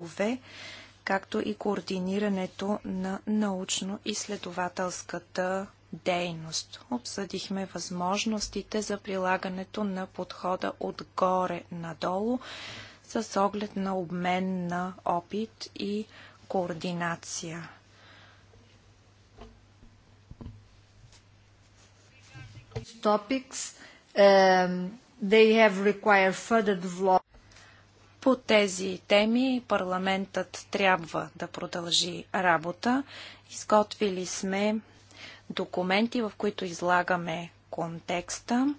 В, както и координирането на научно-изследователската дейност. Обсъдихме възможностите за прилагането на подхода отгоре надолу с оглед на обмен на опит и координация. Topics, um, they have required further development. По тези теми парламентът трябва да продължи работа. Изготвили сме документи, в които излагаме контекста.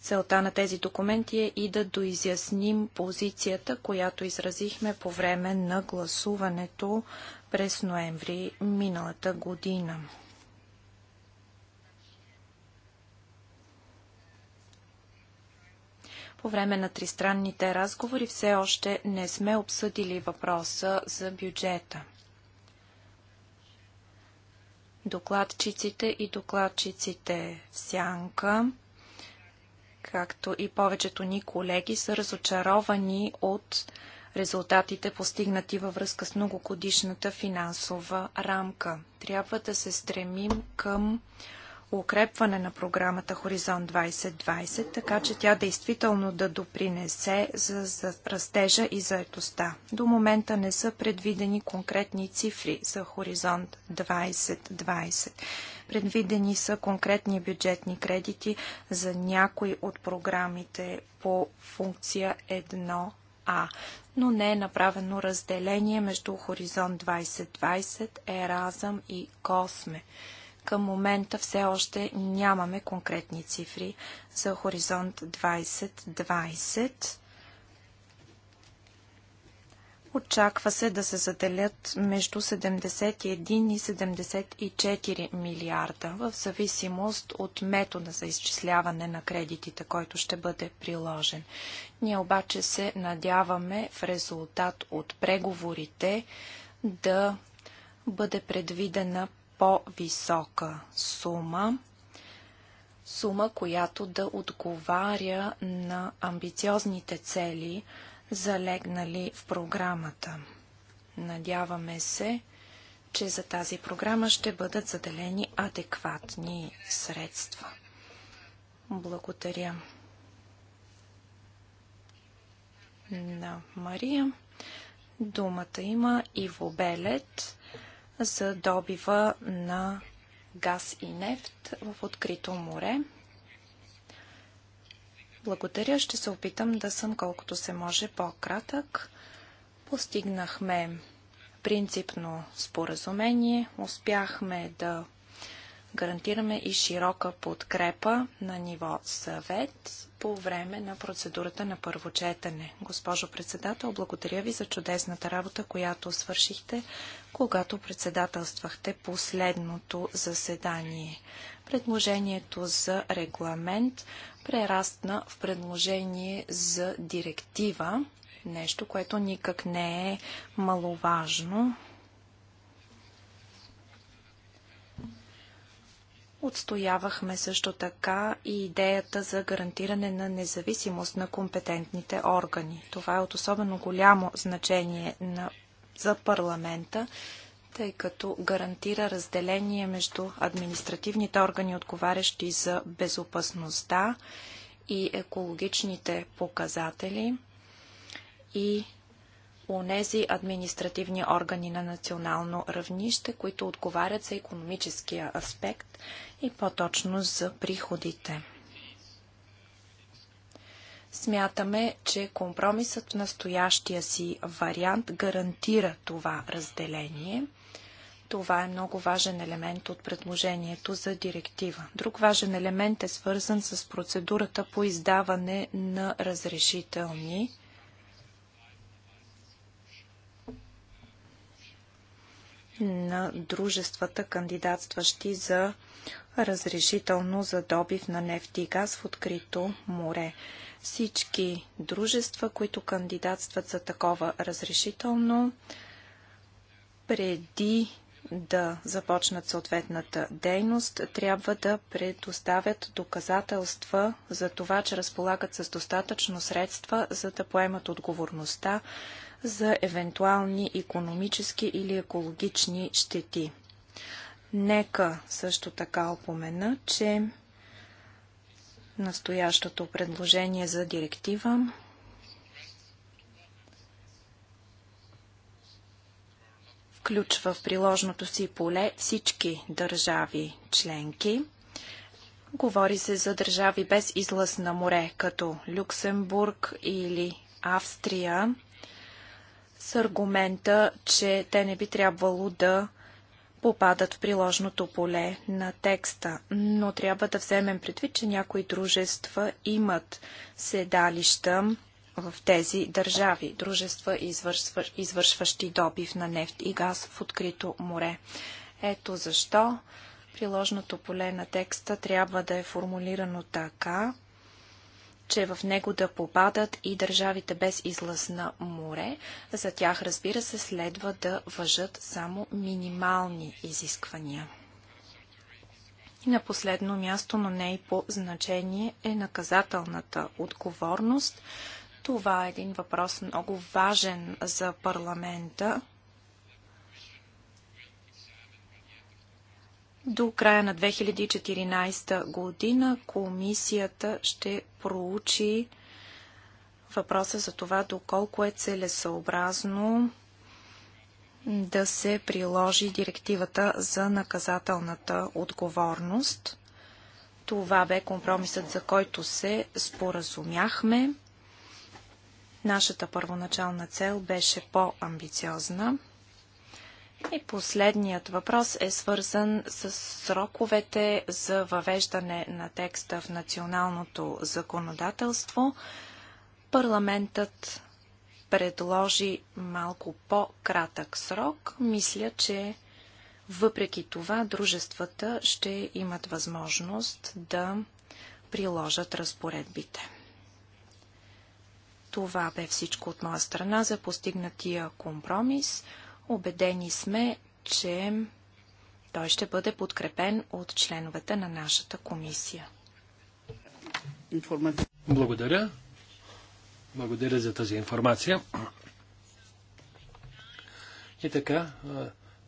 Целта на тези документи е и да доизясним позицията, която изразихме по време на гласуването през ноември миналата година. По време на тристранните разговори все още не сме обсъдили въпроса за бюджета. Докладчиците и докладчиците в сянка, както и повечето ни колеги, са разочаровани от резултатите постигнати във връзка с многогодишната финансова рамка. Трябва да се стремим към укрепване на програмата Хоризонт 2020, така че тя действително да допринесе за, за растежа и заетостта. До момента не са предвидени конкретни цифри за Хоризонт 2020. Предвидени са конкретни бюджетни кредити за някои от програмите по функция 1А, но не е направено разделение между Хоризонт 2020, Еразъм и Косме. Към момента все още нямаме конкретни цифри за хоризонт 2020. Очаква се да се заделят между 71 и 74 милиарда, в зависимост от метода за изчисляване на кредитите, който ще бъде приложен. Ние обаче се надяваме в резултат от преговорите да бъде предвидена по-висока сума, сума, която да отговаря на амбициозните цели, залегнали в програмата. Надяваме се, че за тази програма ще бъдат заделени адекватни средства. Благодаря на Мария. Думата има Иво Белет за добива на газ и нефт в открито море. Благодаря, ще се опитам да съм колкото се може по-кратък. Постигнахме принципно споразумение, успяхме да гарантираме и широка подкрепа на ниво съвет по време на процедурата на първо четене. Госпожо председател, благодаря ви за чудесната работа, която свършихте, когато председателствахте последното заседание. Предложението за регламент прерастна в предложение за директива, нещо, което никак не е маловажно. Отстоявахме също така и идеята за гарантиране на независимост на компетентните органи. Това е от особено голямо значение на, за парламента, тъй като гарантира разделение между административните органи, отговарящи за безопасността и екологичните показатели и онези административни органи на национално равнище, които отговарят за економическия аспект и по-точно за приходите. Смятаме, че компромисът в настоящия си вариант гарантира това разделение. Това е много важен елемент от предложението за директива. Друг важен елемент е свързан с процедурата по издаване на разрешителни. на дружествата, кандидатстващи за разрешително за добив на нефти и газ в открито море. Всички дружества, които кандидатстват за такова разрешително, преди да започнат съответната дейност, трябва да предоставят доказателства за това, че разполагат с достатъчно средства, за да поемат отговорността за евентуални економически или екологични щети. Нека също така опомена, че настоящото предложение за директива включва в приложното си поле всички държави членки. Говори се за държави без излъз на море, като Люксембург или Австрия, с аргумента, че те не би трябвало да попадат в приложното поле на текста. Но трябва да вземем предвид, че някои дружества имат седалища в тези държави, дружества, извършващи добив на нефт и газ в открито море. Ето защо приложното поле на текста трябва да е формулирано така, че в него да попадат и държавите без излъз на море. За тях, разбира се, следва да въжат само минимални изисквания. И на последно място, но не и по значение, е наказателната отговорност – това е един въпрос много важен за парламента. До края на 2014 година комисията ще проучи въпроса за това доколко е целесъобразно да се приложи директивата за наказателната отговорност. Това бе компромисът, за който се споразумяхме. Нашата първоначална цел беше по-амбициозна. И последният въпрос е свързан с сроковете за въвеждане на текста в националното законодателство. Парламентът предложи малко по-кратък срок. Мисля, че въпреки това дружествата ще имат възможност да приложат разпоредбите. Това бе всичко от моя страна за постигнатия компромис. Обедени сме, че той ще бъде подкрепен от членовете на нашата комисия. Благодаря. Благодаря за тази информация. И така,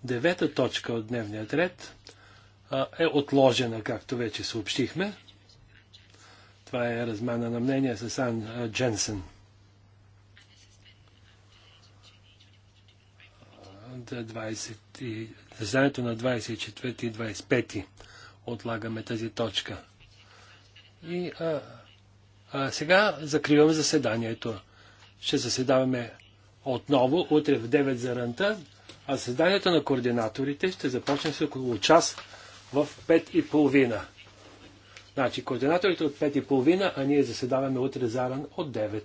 девета точка от дневния ред е отложена, както вече съобщихме. Това е размяна на мнение с Ан Дженсен. 20, заседанието на 24 и 25 отлагаме тази точка. И а, а сега закриваме заседанието. Ще заседаваме отново утре в 9 за ранта, а заседанието на координаторите ще започне с около час в 5 и половина. Значи координаторите от 5 и половина, а ние заседаваме утре заран от 9.